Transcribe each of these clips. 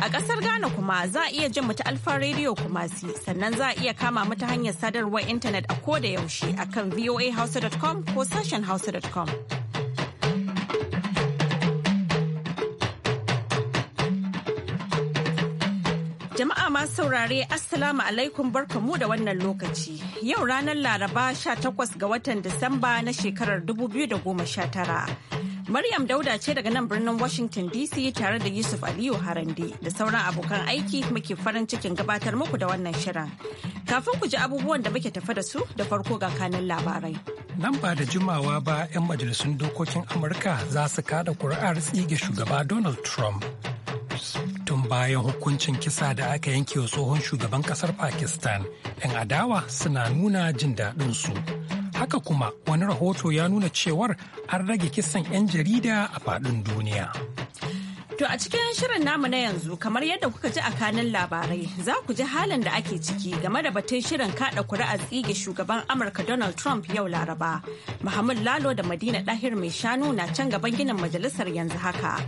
A ƙasar Ghana kuma za a iya jin mu ta Alfa Radio Kumasi sannan za a iya kama mu ta hanyar sadarwar intanet a ko da yaushe kan voahouse.com ko sashen Jama'a ma saurare Assalamu alaikum barkamu da wannan lokaci. Yau ranar Laraba 18 ga watan Disamba na shekarar 2019. Maryam Dauda ce daga nan birnin Washington DC tare da Yusuf Aliyu Harande da sauran abokan aiki muke farin cikin gabatar muku da wannan shirin. Kafin ku ji abubuwan da muke tafa da su da farko ga kanin labarai. Nan ba da jimawa ba 'yan majalisun dokokin Amurka za su kada kuri'ar tsige shugaba Donald Trump. Tun bayan hukuncin kisa da aka yanke wa tsohon shugaban kasar Pakistan, 'yan adawa suna nuna jin daɗinsu. su. Haka kuma wani rahoto ya nuna cewar an rage kisan 'yan jarida a faɗin duniya. To a cikin shirin namu na yanzu kamar yadda kuka ji a kanin labarai za ku ji halin da ake ciki game da batun shirin kada kuri'ar tsige shugaban Amurka Donald Trump yau Laraba. Muhammad Lalo da Madina Dahir mai shanu na can gaban ginin majalisar yanzu haka.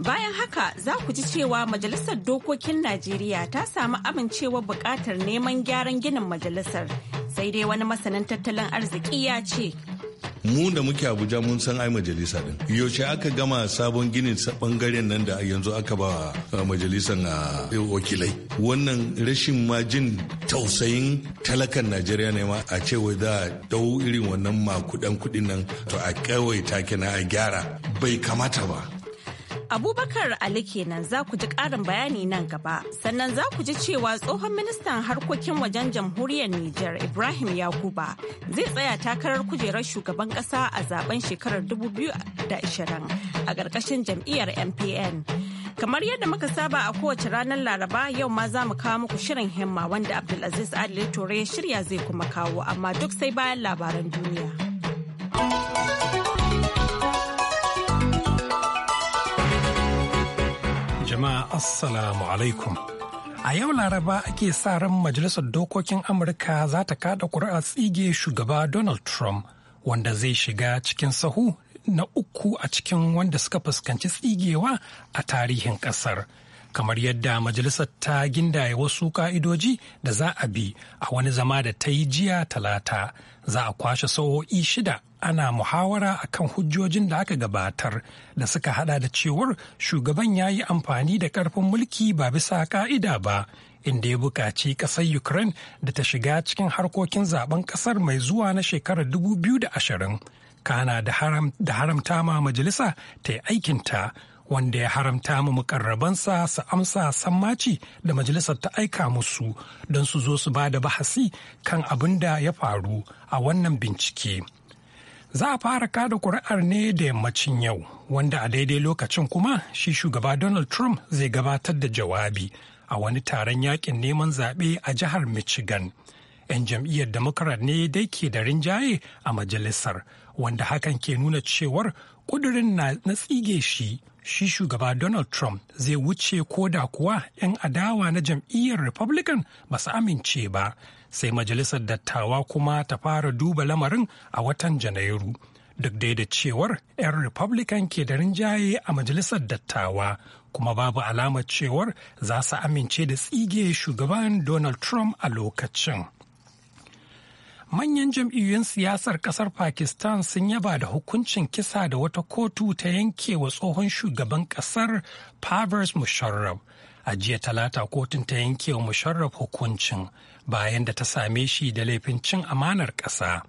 Bayan haka za ku ji cewa Majalisar Dokokin Najeriya ta samu amincewa buƙatar neman gyaran ginin majalisar sai dai wani masanin tattalin arziki ya ce mu da muke abuja mun san ai majalisa din yaushe aka gama sabon ginin bangaren nan da yanzu aka ba uh, majalisan a uh, wakilai wannan rashin ma jin tausayin talakan najeriya ne ma a ce wai za a dau irin wannan makudan kudin nan to a kawai take na a gyara bai kamata ba Abubakar Ali kenan za ku ji ƙarin bayani nan gaba. Sannan za ku ji cewa tsohon ministan harkokin wajen jamhuriyar Nijar Ibrahim Yakuba zai tsaya takarar kujerar shugaban ƙasa a zaben shekarar 2020 a ƙarƙashin jam'iyyar MPN. Kamar yadda muka saba a kowace ranar Laraba yau ma za mu kawo muku shirin himma wanda Abdulaziz Adil Tore ya shirya zai kuma kawo amma duk sai bayan labaran duniya. Assalamu alaikum. A yau Laraba ake sa ran Majalisar Dokokin Amurka za ta kada kuri'a tsige shugaba Donald Trump wanda zai shiga cikin sahu na uku a cikin wanda suka fuskanci tsigewa a tarihin ƙasar. Kamar yadda majalisar ta gindaye wasu ka'idoji da za a bi a wani zama da ta yi jiya talata za a kwashe sa'o'i shida ana muhawara a kan hujjojin da aka gabatar da suka hada da cewar shugaban ya yi amfani da karfin mulki ba bisa ka'ida ba inda ya buƙaci ƙasar ukraine da ta shiga cikin harkokin zaben ƙasar mai zuwa na shekarar 2020 kana da haramta ma majalisa ta yi aikinta wanda ya haramta mu mukarrabansa su amsa sammaci da majalisar ta aika musu don su zo su ba da bahasi kan abin da ya faru a wannan bincike Za a fara kada kuri'ar ne da yammacin yau, wanda a daidai lokacin kuma shi shugaba Donald Trump zai gabatar da jawabi a wani taron yakin neman zaɓe a jihar Michigan. 'Yan jam'iyyar Democrat ne dai ke da rinjaye a majalisar, wanda hakan ke nuna cewar ƙudurin na tsige shi shi shugaba Donald Trump zai wuce ko da kuwa 'yan adawa na jam'iyyar Republican ba su amince ba. sai majalisar dattawa kuma ta fara duba lamarin a watan janairu duk dai da cewar 'yan republican ke da rinjaye a majalisar dattawa kuma babu alamar cewar za su amince da tsige shugaban donald trump a lokacin manyan jam'iyyun siyasar kasar pakistan sun yaba da hukuncin kisa da wata kotu ta yanke wa tsohon shugaban kasar pervers musharraf a jiya talata kotun ta yanke wa musharraf hukuncin bayan da ta same shi da laifin cin amanar ƙasa.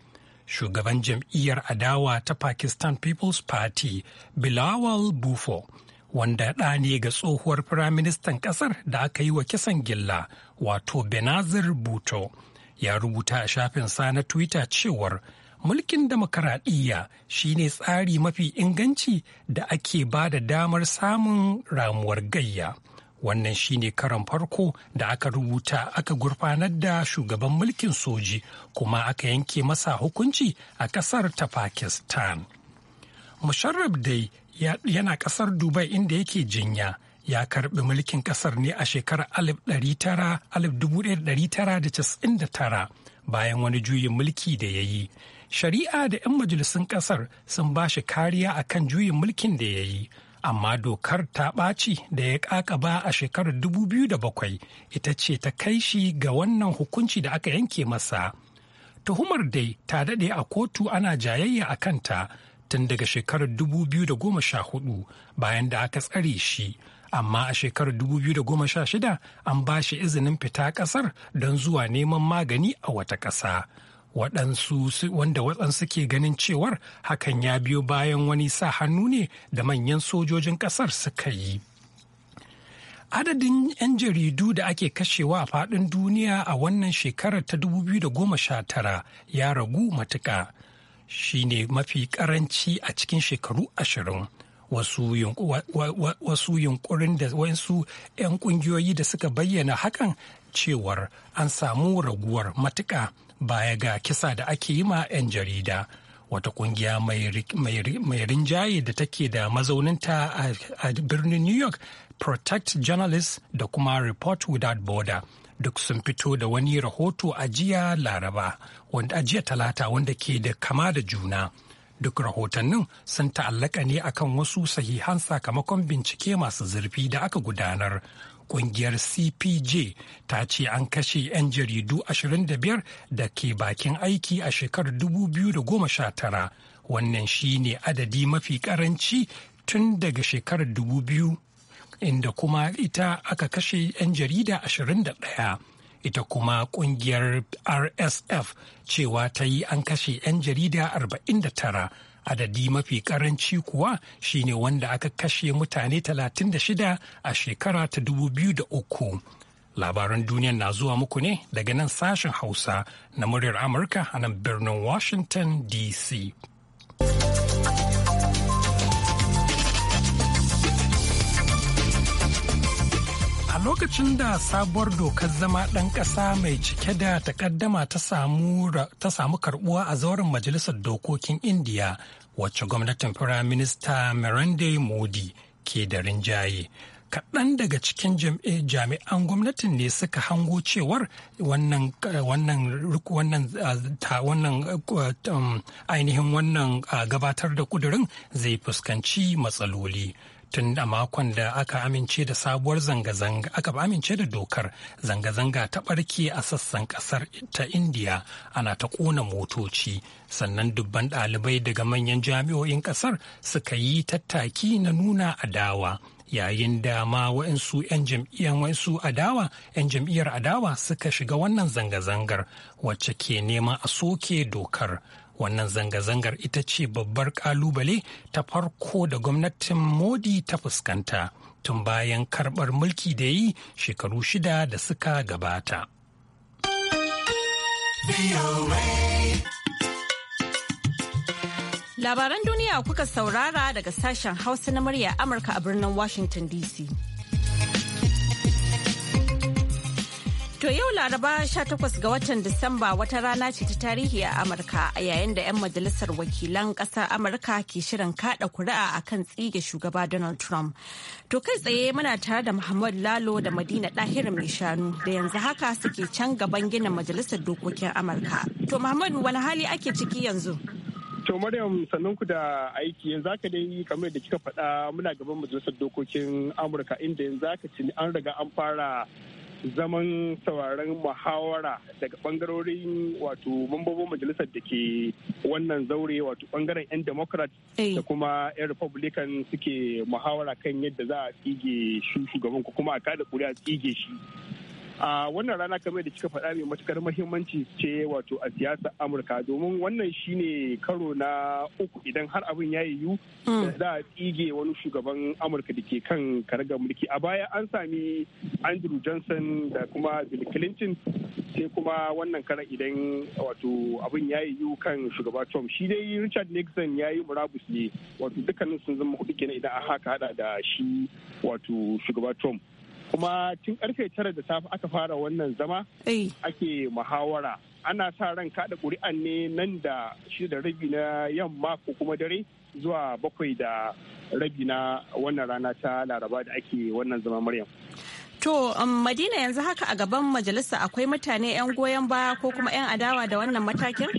Shugaban jam'iyyar adawa ta Pakistan People's Party, Bilawal bufo wanda ɗa ne ga tsohuwar firaministan ƙasar da aka yi wa kisan gilla, wato Benazir Bhutto, ya rubuta a shafinsa na Twitter cewar mulkin demokaradiyya ne tsari mafi inganci da ake ba da damar samun ramuwar gayya. wannan shine karan farko da aka rubuta aka gurfanar da shugaban mulkin soji kuma aka yanke masa hukunci a kasar ta pakistan musharraf dai yana kasar dubai inda yake jinya ya karbi mulkin kasar ne a shekarar 1999 bayan wani juyin mulki da ya yi shari'a da 'yan majalisun kasar sun ba shi kariya akan juyin mulkin da ya yi amma dokar ta ɓaci da ya ƙaƙaba a shekarar 2007 ita ce ta kai shi ga wannan hukunci da aka yanke masa. Tuhumar dai ta daɗe a kotu ana jayayya a kanta tun daga shekarar 2014 bayan da aka tsare shi. Amma a shekarar 2016 an ba shi izinin fita ƙasar don zuwa neman magani a wata ƙasa. waɗansu wanda waɗansu ke ganin cewar hakan ya biyo bayan wani sa hannu ne da manyan sojojin ƙasar suka yi. Adadin 'yan jaridu da ake kashewa a faɗin duniya a wannan shekarar ta 2019 ya ragu matuƙa shi ne mafi ƙaranci a cikin shekaru ashirin. Wasu yunkurin da wasu 'yan ƙungiyoyi da suka bayyana hakan cewar an samu raguwar matuƙa baya ga kisa da ake yi ma 'yan jarida wata kungiya mai rinjaye da take da mazauninta a birnin new york protect journalists da kuma report without border duk sun fito da wani rahoto a jiya laraba wanda talata wanda ke da kama da juna duk rahotannin sun ta'allaka ne akan wasu sahihan sakamakon bincike masu zurfi da aka gudanar kungiyar cpj ta ce an kashe 'yan jaridu 25 da ke bakin aiki a shekarar 2019 wannan shi ne adadi mafi karanci tun daga shekarar 2000 inda kuma ita aka kashe 'yan jarida 21 ita kuma kungiyar rsf cewa ta yi an kashe 'yan jarida 49 adadi mafi karanci kuwa shine wanda aka kashe mutane 36 a shekara ta 2003 labaran duniyan na zuwa muku ne daga nan sashen hausa na muryar amurka a nan birnin washington dc lokacin da sabuwar dokar zama ɗan ƙasa mai cike da takaddama ta samu karɓuwa a zauren majalisar dokokin indiya wacce gwamnatin firaminista Mirande modi ke da rinjaye kaɗan daga cikin jami'an gwamnatin ne suka hango cewar wannan um, ainihin wannan gabatar da ƙudurin zai fuskanci matsaloli. tun a makon da aka amince da sabuwar zanga-zanga aka amince da dokar zanga-zanga ta barke a sassan kasar ta indiya ana ta kona motoci sannan dubban ɗalibai daga manyan jami'o'in kasar suka yi tattaki na nuna adawa yayin da ma wa'insu 'yan jam'iyyar wa'insu adawa 'yan jam'iyyar adawa suka shiga wannan zanga-zangar wacce ke neman a soke dokar Wannan zanga-zangar ita ce babbar ƙalubale ta farko da gwamnatin Modi ta fuskanta tun bayan karɓar mulki da yi shekaru shida da suka gabata. Labaran duniya kuka saurara daga sashen Hausa na murya Amurka a birnin Washington DC. To yau Laraba 18 ga watan Disamba wata rana ce ta tarihi a Amurka a yayin da 'yan majalisar wakilan ƙasar Amurka ke shirin kada kuri'a a kan tsige shugaba Donald Trump. To kai tsaye muna tare da Muhammad Lalo da Madina Ɗahir mai shanu da yanzu haka suke can gaban ginin majalisar dokokin Amurka. To Muhammad wani hali ake ciki yanzu? To Maryam sannan ku da aiki yanzu haka dai kamar da kika faɗa muna gaban majalisar dokokin Amurka inda yanzu ci an riga an fara zaman sauraron muhawara daga bangarorin wato mambobin majalisar da ke wannan zaure wato bangaren 'yan democrat eh. da kuma 'yan republican suke muhawara kan yadda za a tsige shugaban ko kuma a kada a tsige shi a wannan rana kamar da kika faɗa mai matukar muhimmanci ce wato a siyasar amurka domin wannan shine karo na uku idan har abin ya yiwu hmm. za a tsige wani shugaban amurka da ke kan karagar mulki a baya an sami andrew johnson da kuma bill clinton sai kuma wannan karan idan wato abin ya yiwu kan shugaba trump shi dai richard nixon ya yi murabus ne wato dukkanin sun zama hudu kenan idan haka hada da shi wato shugaba trump kuma tun karfe tara da safe aka fara wannan zama ake muhawara ana sa ran kada ƙuri'an ne nan da shida rabi na yamma ko kuma dare zuwa bakwai da rabi na wannan rana ta laraba da ake wannan zama maryam to um, madina yanzu haka a gaban majalisa akwai mutane 'yan goyon ba ko kuma 'yan adawa da wannan matakin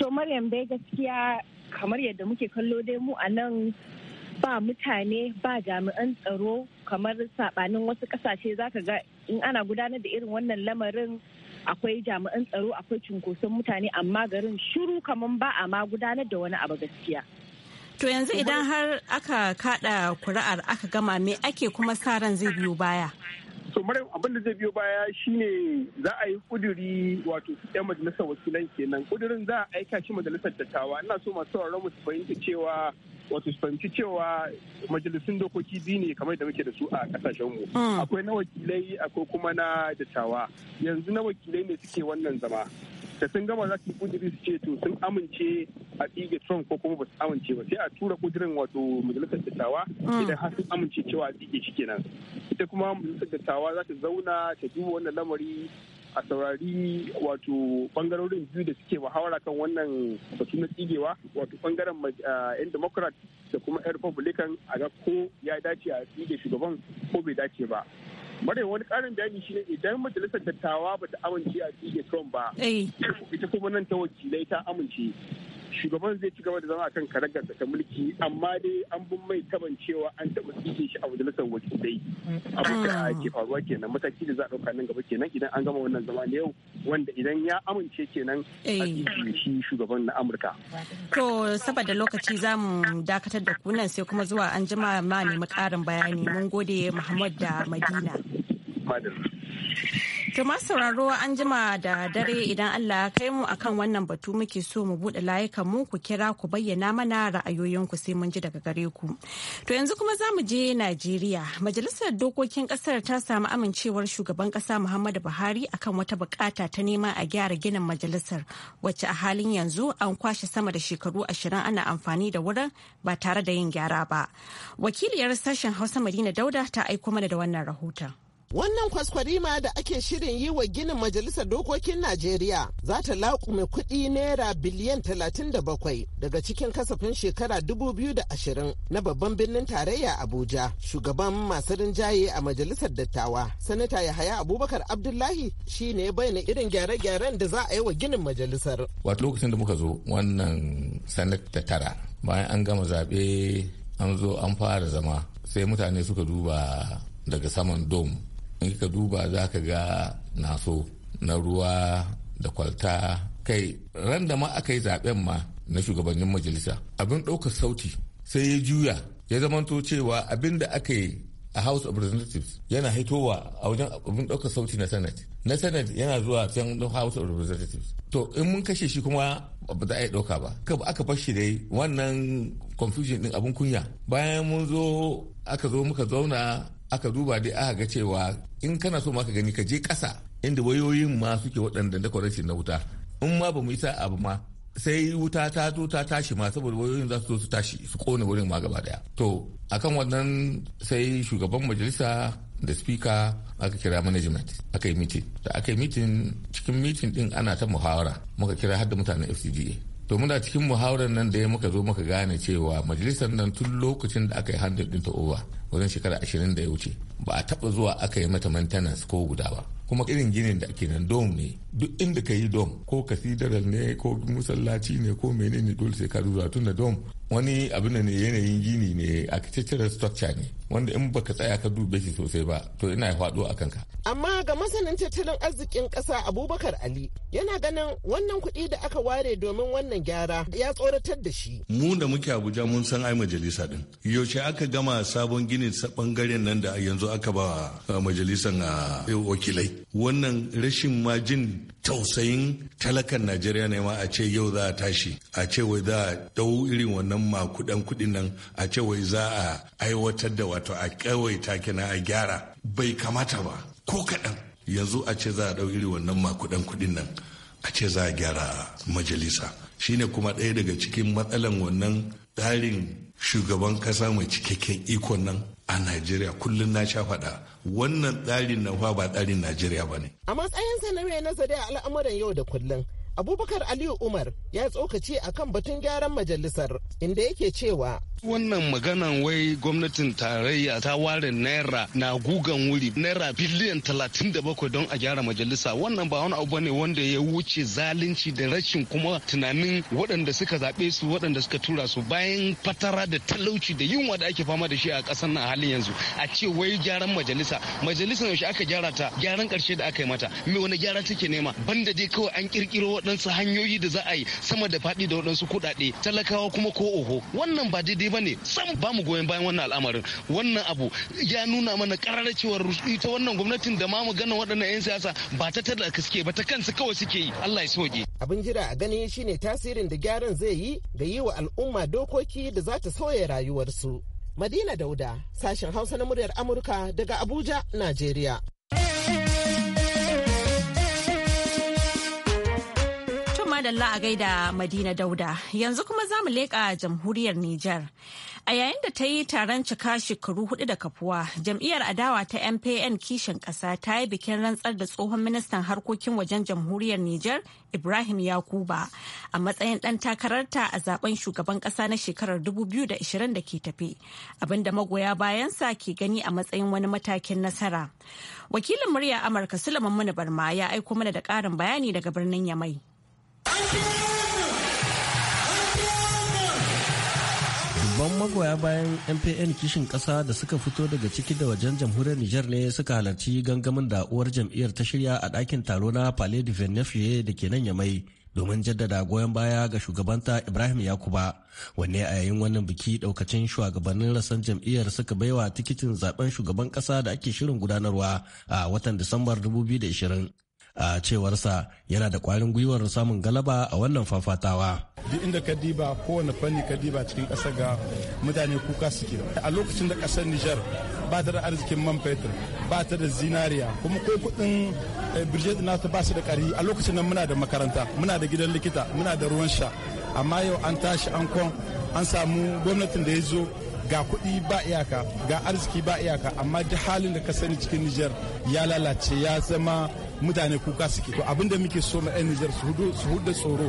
to maryam dai gaskiya kamar yadda muke kallo dai mu a nan ba mutane ba jami'an tsaro kamar sabanin wasu kasashe zaka ga in ana gudanar da irin wannan lamarin akwai jami'an tsaro akwai cunkoson mutane amma garin shiru kamar ba a ma gudanar da wani abu gaskiya to yanzu idan har aka kada kuri'ar aka gama me ake kuma sa ran zai biyo baya so maryam abin da zai biyo baya shine za a yi kuduri wato yan majalisar wakilan kenan kudurin za a aika shi majalisar dattawa ina so masu sauraron mu su fahimta cewa wato su fahimci cewa majalisun dokoki biyu ne kamar da muke da su a kasashen mu hmm. akwai na wakilai akwai kuma na dattawa yanzu na wakilai ne suke wannan zama da sun gama za su yi kudiri su ce to sun amince a tsige trump ko kuma ba su amince ba sai a tura kudirin wato majalisar dattawa mm. idan har sun amince cewa a tsige shi kenan ita kuma majalisar dattawa za ta zauna ta duba wannan lamari a saurari wato bangarorin biyu da suke muhawara kan wannan batu na tsigewa wato bangaren yan democrat da kuma yan republican a ga ko ya dace a tsige shugaban ko bai dace ba Maryam wani karin bayani ne idan majalisar dattawa ba ta amince a cikin Trump ba. Eh. Ita kuma nan ta wakilai ta amince. shugaban zai ci gaba da zama akan karagar ta mulki amma dai an bin mai taban cewa an taɓa tsige shi a majalisar wakilai abu da ah. ke faruwa kenan mataki da za a ɗauka nan gaba kenan idan an gama wannan zama na yau wanda idan ya amince kenan a eh. shi shugaban na amurka. to saboda lokaci za mu dakatar da kunan sai kuma zuwa an jima ma nemi karin bayani mun gode muhammad da madina. Tuma sauraro an jima da dare idan Allah ya kai mu akan wannan batu muke so mu buɗe layukan mu ku kira ku bayyana mana ra'ayoyinku sai mun ji daga gare ku. To yanzu kuma za mu je Najeriya. Majalisar Dokokin Kasar ta samu amincewar shugaban kasa Muhammadu Buhari akan wata bukata ta nema a gyara ginin majalisar wacce a halin yanzu an kwashe sama da shekaru ashirin ana amfani da wurin ba tare da yin gyara ba. Wakiliyar sashen Hausa Madina Dauda ta aiko mana da wannan rahoton. Wannan kwaskwarima da ake shirin yi wa ginin Majalisar Dokokin Najeriya za ta laƙume kuɗi naira biliyan 37 daga cikin kasafin shekara 2020 na babban birnin tarayya Abuja. Shugaban masu rinjaye a Majalisar Dattawa, Sanata Yahaya Abubakar Abdullahi shi ne bayyana irin gyare-gyaren da za a yi wa ginin majalisar. Wato lokacin da muka zo wannan sanata tara bayan an gama zaɓe an zo an fara zama sai mutane suka duba daga saman dom in ka duba za ka ga naso na ruwa da kwalta kai ran da ma aka yi zaben ma na shugabannin majalisa abin ɗaukar sauti sai ya juya ya zamanto cewa abin da aka yi a house of representatives yana haitowa a wajen abin ɗaukar sauti na senate na senate yana zuwa can house of representatives to in mun kashe shi kuma ba za a yi ɗauka ba ka aka bar shi dai wannan confusion din abin kunya bayan mun zo aka zo muka zauna aka duba dai aka ga cewa in kana so ma gani ka je ƙasa inda wayoyin ma suke waɗanda da na wuta in ma ba mu yi abu ma sai wuta ta zo ta tashi ma saboda wayoyin za su zo su tashi su kone wurin ma gaba daya to akan wannan sai shugaban majalisa da spika aka kira management aka yi meeting da aka yi meeting cikin mitin din ana ta muhawara muka kira har da mutanen fcda to muna cikin muhawarar nan da ya muka zo muka gane cewa majalisar nan tun lokacin da aka yi handle ta over wajen shekara ashirin da ya wuce ba a taɓa zuwa aka yi mata maintenance ko guda ba kuma irin ginin da ake nan dom ne duk inda ka yi dom ko kasidaral ne ko musallaci ne ko menene dole sai ka zuwa tun da dom wani abin ne yanayin gini ne architectural structure ne wanda in baka tsaya ka dube shi sosai ba to ina ya faɗo akan ka Amma ga masanin tattalin arzikin ƙasa Abubakar Ali yana ganin wannan kuɗi da aka ware domin wannan gyara ya tsoratar da shi. Mu da muke Abuja mun san ai majalisa din. Yaushe aka gama sabon ginin bangaren nan da yanzu aka ba eh, majalisan a ah, eh, wakilai. Wannan rashin majin. tausayin talakan najeriya ne ma a ce yau za a tashi a ce wai za a dau irin wannan makudan kudin nan a ce wai za a aiwatar da wato a kawaita kenan a gyara bai kamata ba ko kaɗan yanzu a ce za a dau irin wannan makudan kudin nan a ce za a gyara majalisa shine kuma ɗaya daga cikin matsalan wannan tsarin shugaban kasa mai cikakken ikon nan a Najeriya kullum na sha faɗa wannan tsarin na fa ba tsarin Najeriya ba ne. A matsayinsa na mai nazari a al'amuran yau da kullum abubakar aliyu umar ya tsokace a kan batun gyaran majalisar inda yake cewa wannan maganan wai gwamnatin tarayya ta ware naira na gugan wuri naira biliyan 37 don a gyara majalisa wannan ba wani abu ne wanda ya wuce zalunci da rashin kuma tunanin waɗanda suka zaɓe su waɗanda suka tura su bayan fatara da talauci da yunwa da ake fama da shi a ƙasar nan halin yanzu a ce wai gyaran majalisa majalisa yaushe aka gyara ta gyaran ƙarshe da aka yi mata me wani gyara take nema banda dai kawai an ƙirƙiro waɗansu hanyoyi da za a yi sama da faɗi da waɗansu kuɗaɗe talakawa kuma ko oho wannan ba daidai ba ne sam ba mu goyon bayan wannan al'amarin wannan abu ya nuna mana karar cewar ita wannan gwamnatin da ma mu magana waɗannan 'yan siyasa ba ta ka suke ba ta kansu kawai suke yi Allah ya soke. Abin jira a gani shine tasirin da gyaran zai yi ga yi wa al'umma dokoki da za ta sauya rayuwarsu. Madina Dauda, sashen Hausa na muryar Amurka daga Abuja, Najeriya. madalla a gaida Madina Dauda. Yanzu kuma za mu leƙa jamhuriyar Nijar. A yayin da ta yi taron cika shekaru hudu da kafuwa, jam'iyyar adawa ta MPN kishin ƙasa ta yi bikin rantsar da tsohon ministan harkokin wajen jamhuriyar Nijar Ibrahim Yakuba a matsayin ɗan takararta a zaben shugaban ƙasa na shekarar 2020 da ke tafe, abinda magoya bayansa ke gani a matsayin wani matakin nasara. Wakilin murya Amurka Sulaiman Muni Barma ya aiko mana da ƙarin bayani daga birnin Yamai. Dubban magoya bayan MPN kishin ƙasa da suka fito daga ciki da wajen jamhuriyar Nijar ne suka halarci gangamin da uwar jam'iyyar ta shirya a ɗakin taro na Palais de da ke nan Yamai domin jaddada goyon baya ga shugabanta Ibrahim Yakuba wanne a yayin wannan biki ɗaukacin shugabannin rasan jam'iyyar suka baiwa tikitin zaben shugaban ƙasa da ake shirin gudanarwa a watan Disambar 2020. a cewarsa yana da kwarin gwiwar samun galaba a wannan fafatawa duk inda ka diba kowane fanni ka diba cikin ƙasa ga mutane kuka suke a lokacin da ƙasar nijar ba ta da arzikin man fetur ba ta da zinariya kuma ko kuɗin eh, birjet ta ba su da ƙari a lokacin nan muna da makaranta muna da gidan likita muna da ruwan sha amma yau an tashi an kwan an samu gwamnatin da ya zo ga kuɗi ba iyaka ga arziki ba iyaka amma duk halin da ka sani cikin Nijar ya lalace ya zama mutane kuka suke to abin da muke so na yan Nijar su hudu su hudu tsoro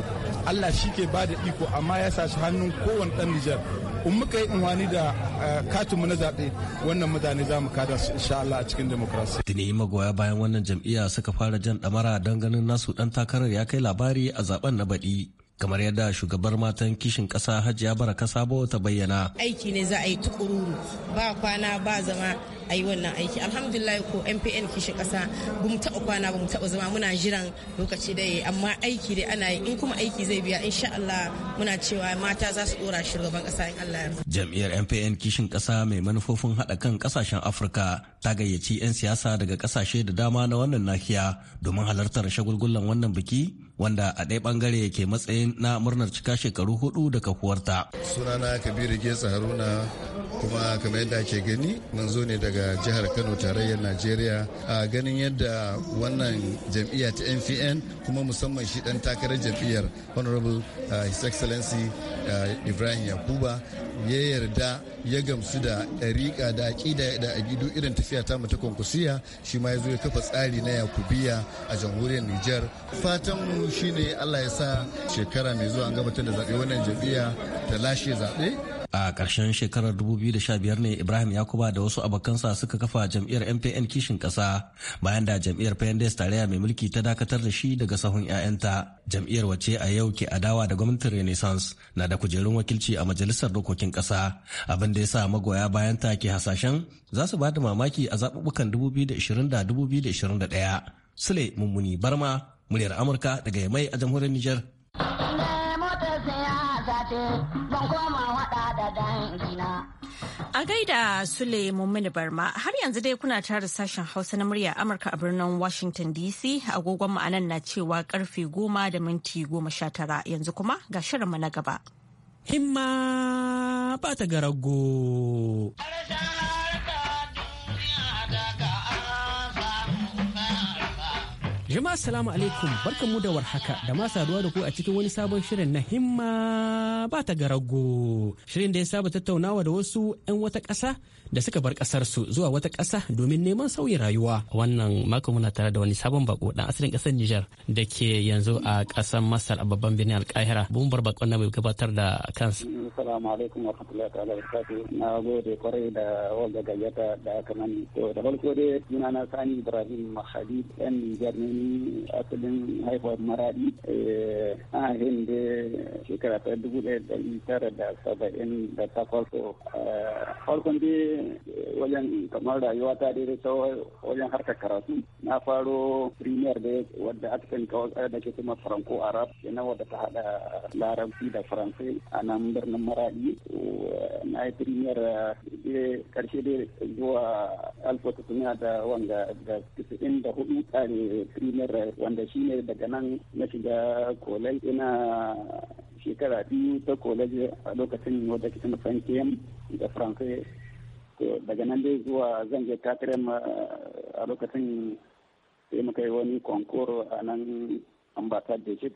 Allah shi ke ba da iko amma ya sa shi hannun kowane dan Nijar in muka yi unwani da eh, katinmu na zaɓe wannan mutane za mu kada su insha Allah a cikin demokrasi. Tuni magoya bayan wannan jam'iyya suka fara jan ɗamara don ganin nasu dan takarar ya kai labari a zaben na baɗi. kamar yadda shugabar matan kishin kasa hajiya baraka sabo ta bayyana aiki ne za a yi tukururu ba kwana ba zama a yi wannan aiki alhamdulillah ko mpn kishin kasa ba mu taɓa kwana ba mu taba zama muna jiran lokaci da ya amma aiki dai ana yi in kuma aiki zai biya insha Allah muna cewa mata za su ɗora shugaban kasa in Allah ya jami'ar mpn kishin ƙasa mai manufofin haɗa kan kasashen afirka ta gayyaci 'yan siyasa daga kasashe da dama na wannan nahiya domin halartar shagulgulan wannan biki wanda a ɗaya ɓangare ke matsayin na murnar cika shekaru hudu da kafuwarta. sunana kabiru getsa haruna kuma kamar yadda ake gani mun zo ne daga jihar kano tarayyar najeriya a ganin yadda wannan jam'iyya ta npn kuma musamman shi dan takarar jam'iyyar honorable uh, his excellency uh, ibrahim yakuba ya yarda ya gamsu da riƙa da aƙida da aƙidu irin tafiya ta mu ta kwankwasiya shi ma ya zo ya kafa tsari na yakubiya a jamhuriyar nijar fatan mu biyu shine Allah ya sa shekara mai zuwa an gabatar da zaɓe wannan jam'iyya ta lashe zaɓe a ƙarshen shekarar 2015 ne ibrahim yakuba da wasu abokansa suka kafa jam'iyyar mpn kishin ƙasa bayan da jam'iyyar pnds tarayya mai mulki ta dakatar da shi daga sahun 'ya'yanta jam'iyyar wace a yau ke adawa da gwamnatin renaissance na da kujerun wakilci a majalisar dokokin ƙasa abin da ya sa magoya bayan ta ke hasashen za su ba da mamaki a zaɓuɓɓukan 2020 da 2021 sule mummuni barma muryar amurka daga yamai a jamhuriyar niger A gaida Sule Mummini Barma har yanzu dai kuna tare sashen Hausa na murya Amurka a birnin Washington DC agogon ma'anan na cewa karfe goma da minti goma sha tara yanzu kuma ga shirinmu na gaba. Himma ba ta garago. Jama'a salamu alaikum mu da warhaka da ma saduwa da ku a cikin wani sabon shirin na himma ba ta garago. Shirin da ya saba tattaunawa da wasu 'yan wata ƙasa da suka bar ƙasar su zuwa wata ƙasa domin neman sauyin rayuwa. Wannan mako muna tare da wani sabon bako dan asirin ƙasar Nijar da ke yanzu a ƙasar Masar a babban birnin Alƙahira. Mun bar bakon na mai gabatar da kansa. Assalamu alaikum wa rahmatullahi ta'ala wa Na gode kwarai da wanda gayyata da aka mani. To da farko dai sunana Sani Ibrahim Mahadi ɗan Nijar ne asalin haifar maradi eh, a hin da shekara ta dubu ɗaya da tara da saba'in da takwas eh, farkon dai eh, wajen kamar rayuwa ta dai ta wajen harkar karatu na faro premier da wadda aka kan kawai da ke kuma franco arab kenan wadda ta hada larabci da faransai a nan birnin maradi na yi premier karshe da zuwa alfa tutuniya da wanda da 94 tsari dinar wanda shi ne daga nan na shiga kolai ina shekara biyu ta kolai a lokacin wadda kitan da fankiyam da faransai daga nan dai zuwa zan je katirem a lokacin sai muka yi wani konkoro a nan ambatar da shi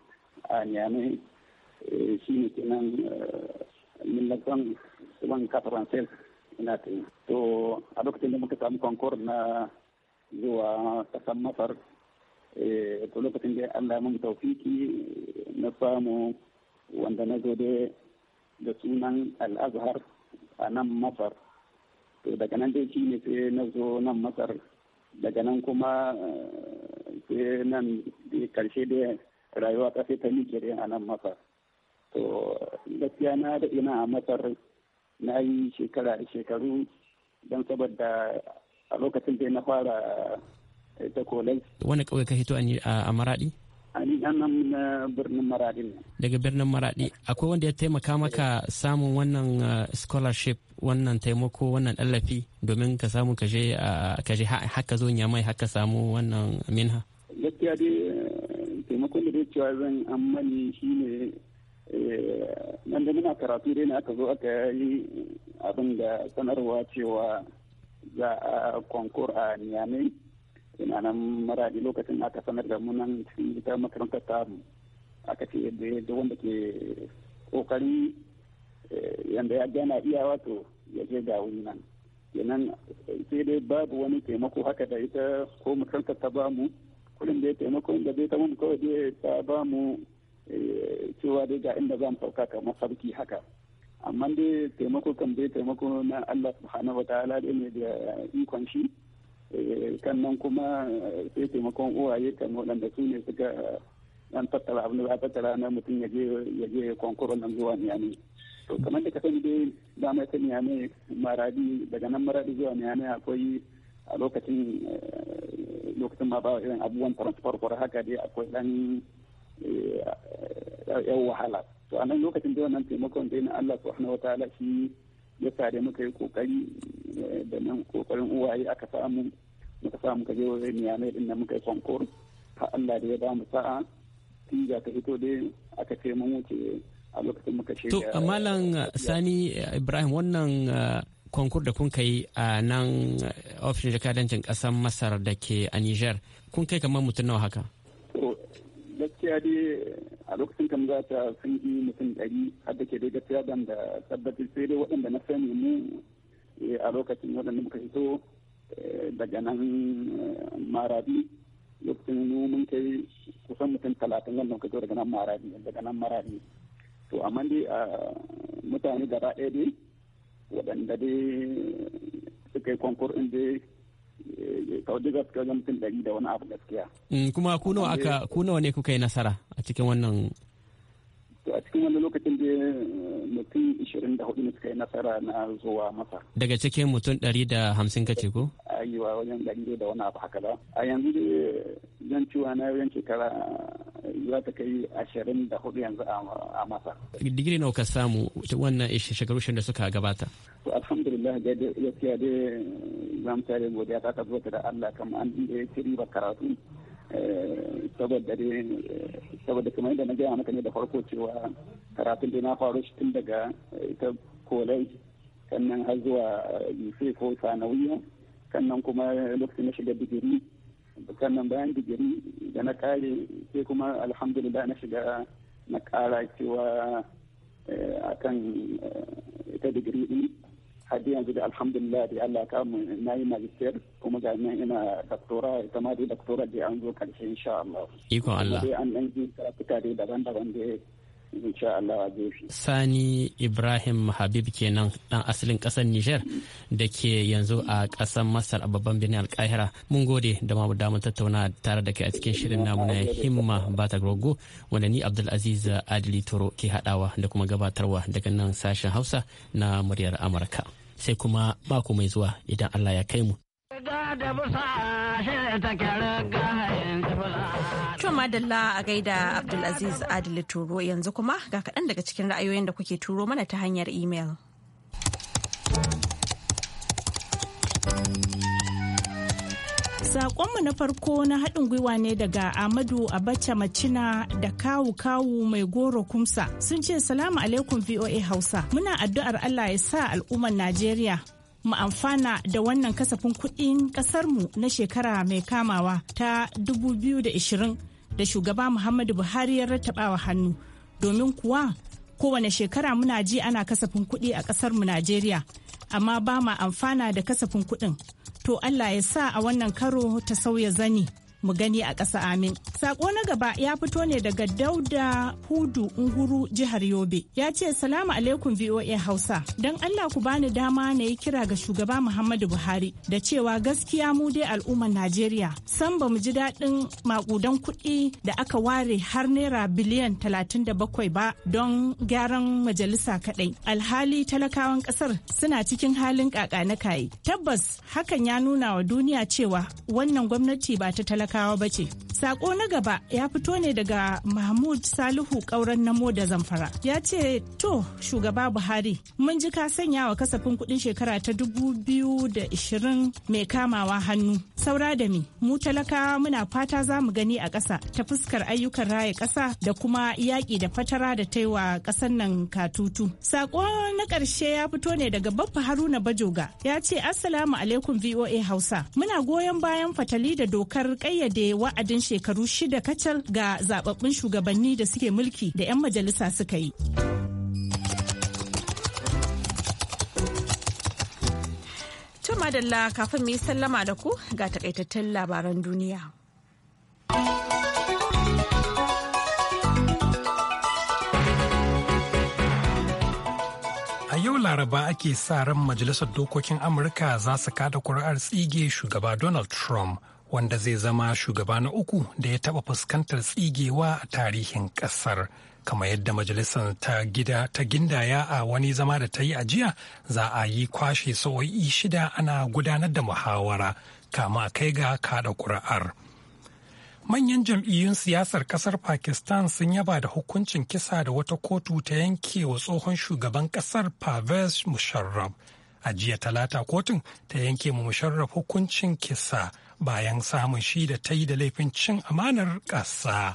a niamey eh, shi ne kenan eh, millakon suban kafaransel ina ta yi to a lokacin da muka samu konkoro na zuwa kasan masar Eh, to lokacin da Allah mun taufiki na samu wanda na zo da sunan al'azhar a nan masar to daga nan dai shi ne sai na zo nan masar daga nan kuma eh, sai nan karshe da rayuwa ta ta miƙe a nan masar to gaskiya na da ina a masar na yi shekara da shekaru don saboda a lokacin da na fara ta wani kauye ka hito a maraɗi. a ni nan na birnin maraɗi ne daga birnin maraɗi akwai wanda ya taimaka maka samun wannan uh, scholarship wannan taimako wannan tallafi domin ka samu ka je haka zo nyamai haka samu wannan minha gaskiya dai eh, taimakon da cewa zan ammani ne eh, nan da muna karatu dai ne aka zo aka yi abin da sanarwa cewa za a konkur a niyamai ina nan maradi lokacin aka sanar da mu nan cikin ita makarantar ta aka ce da wanda ke kokari eh, yadda ya gana iya wato ya je ga wani nan kenan eh, sai dai babu wani taimako haka da ita ko makarantar ta ba mu kullum da ya taimako inda zai ta mun kawai dai ta ba mu eh, cewa dai ga inda za mu sauka kamar sarki haka amma dai taimako kan dai taimako na Allah subhanahu wa ta'ala ne da ikon shi kannan eh, kuma sai eh, taimakon uwaye kan waɗanda su ne suka eh, an tattara abin da za a tattara na mutum ya je ya je kwankuro nan zuwa niyami to kamar da ka sani dai dama ta niyami maradi daga nan maradi zuwa niyami akwai a lokacin lokacin ma ba irin abubuwan transport haka dai akwai dan yan wahala to a nan lokacin da wannan taimakon dai na Allah subhanahu wataala shi ya sare muka yi kokari eh, da nan kokarin uwaye aka samu muka samu ka je wajen niyamai din da muka yi konkor ha Allah da ya ba mu sa'a tinja ta fito dai aka ce mun wuce a lokacin muka ce to malam eh, sani eh, ibrahim wannan konkur da kun kai a nan ofishin jakadancin kasar masar da ke a niger kun kai kamar mutum nawa haka to gaskiya dai a lokacin ta sun yi mutum ɗari har da ke dai gaskiya ban da tabbatar sai dai waɗanda na sani mu eh, a lokacin waɗanda muka hito eh, daga nan eh, marabi lokacin mu mun kai kusan mutum talatin wanda muka zo daga nan marabi daga nan marabi to amma dai a mutane gaba ɗaya dai waɗanda dai suka yi kwankur ɗin dai saudi gaskiya wajen mutum ɗari da wani abu gaskiya. Mm, kuma ku ku nawa ne kuka yi nasara a cikin wannan to a cikin wani lokacin eh, da mutum 24 ne suka yi nasara na zuwa masar daga cikin mutum 150 kace ko ayyuwa wajen ɗari da wani abu haka ba a yanzu da zan ciwa na yawon shekara eh, za ta kai 24 yanzu a masar digiri nawa ka samu wannan shekaru da suka gabata to alhamdulillah gaskiya dai eh, zamu tare godiya ta tabbata da Allah kamar an da ya ci riba karatu saboda saboda kamar yadda na gaya maka ne da farko cewa karatun dai na faru shi tun daga ita eh, kolai sannan har zuwa yusuf eh, ko sanawiya sannan kuma lokacin na shiga digiri sannan bayan digiri da na kare sai kuma alhamdulillah na shiga na kara cewa eh, akan ita digiri din hadi yanzu da alhamdulillah da Allah ka mu na yi magister kuma ga nan ina doctora ita ma dai doctora da an zo karshe insha Allah iko Allah dai an dan yi karatuka dai daban-daban dai insha Allah a Sani Ibrahim Habib kenan dan asalin kasar Niger da ke yanzu a kasar Masar a babban birnin Alkahira mun gode da mu da mun tattauna tare da kai a cikin shirin namu na himma bata grogo wanda ni Abdulaziz adli Toro ke hadawa da kuma gabatarwa daga nan sashen Hausa na muryar Amurka. sai kuma mako mai zuwa idan Allah ya kai mu. To madalla a gaida Abdulaziz Adili Turo yanzu kuma ga kaɗan daga cikin ra'ayoyin da kuke turo mana ta hanyar imel. Sakonmu na farko na haɗin gwiwa ne daga Amadu Abacha Macina da kawu kawu mai goro kumsa sun ce salamu alaikum VOA Hausa. Muna addu'ar Allah ya sa al'ummar Najeriya mu amfana da wannan kasafin kuɗin ƙasarmu na shekara mai kamawa ta 2020 da shugaba Muhammadu Buhari ya rattabawa hannu. Domin kuwa kowane shekara muna ji ana kasafin kuɗi a ƙasarmu Najeriya amma ba ma amfana da kasafin kuɗin. to Allah ya sa a wannan karo ta sauya zani. mu gani a ƙasa amin. Sako na gaba ya fito ne daga Dauda Hudu Nguru jihar Yobe. Ya ce salamu alaikum VOA Hausa. Don Allah ku bani dama na yi kira ga shugaba Muhammadu Buhari da cewa gaskiya mu dai al'ummar Najeriya san ba mu ji daɗin makudan kuɗi da aka ware har naira biliyan talatin da bakwai ba don gyaran majalisa kaɗai. Alhali talakawan ƙasar suna cikin halin kaka na kaye. Tabbas hakan ya nuna wa duniya cewa wannan gwamnati ba ta talaka talakawa ba ce. Sako na gaba ya fito ne daga Mahmud Salihu ƙauren namo da zamfara. Ya ce, To, shugaba Buhari, mun ji ka sanya wa kasafin kuɗin shekara ta dubu biyu da ishirin mai kamawa hannu. Saura da mi mu talakawa muna fata za mu gani a ƙasa ta fuskar ayyukan raya ƙasa da kuma yaƙi da fatara da ta yi wa ƙasar nan katutu. Sako na ƙarshe ya fito ne daga Baffa Haruna Bajoga. Ya ce, Assalamu alaikum VOA Hausa. Muna goyon bayan fatali da dokar ƙayyade ƙayyade wa'adin shekaru shida kacal ga zababbun shugabanni da suke mulki da 'yan majalisa suka yi. madalla kafin mu yi sallama da ku ga takaitattun labaran duniya. A yau Laraba ake sa ran Majalisar Dokokin Amurka za su kada kuri'ar tsige shugaba Donald Trump wanda zai zama shugaba na uku da ya taɓa fuskantar tsigewa a tarihin ƙasar. kamar yadda majalisar ta gida ta gindaya a wani zama da ta yi a jiya za a yi kwashe sa'o'i shida ana gudanar da muhawara kama kai ga kada ƙuri'ar. manyan jam'iyyun siyasar ƙasar pakistan sun yaba da hukuncin kisa da wata kotu ta yanke wa tsohon shugaban ƙasar pervez musharraf a jiya talata kotun ta yanke mu musharraf hukuncin kisa bayan samun shi da ta yi da laifin cin amanar ƙasa.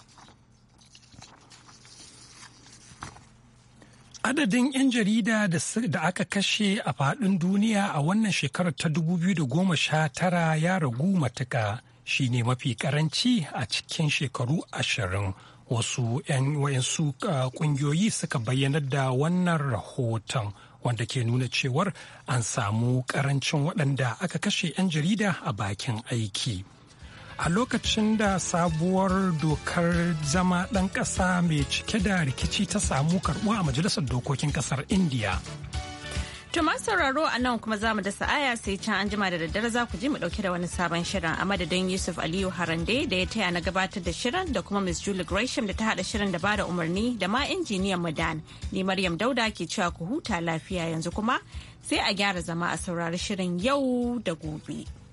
Adadin 'yan jarida da aka kashe a faɗin duniya a wannan shekarar ta 2019 ya ragu matuƙa shi ne mafi karanci a cikin shekaru ashirin. Wasu 'yan wayansu uh, ƙungiyoyi suka bayyanar da wannan rahoton. wanda ke nuna cewar an samu karancin waɗanda aka kashe 'yan jarida a bakin aiki. a lokacin da sabuwar dokar zama ɗan ƙasa mai cike da rikici ta samu karɓuwa a majalisar dokokin ƙasar indiya masu sauraro a nan kuma za mu da sa'aya sai can an jima da daddare za ku ji mu dauke da wani sabon shirin a madadin Yusuf Aliyu Harande da ya taya na gabatar da shirin da kuma Miss Julie Gresham da ta hada shirin da bada umarni da ma injiniyan mu Dan. Ni Maryam Dauda ke cewa ku huta lafiya yanzu kuma sai a gyara zama a saurari shirin yau da gobe.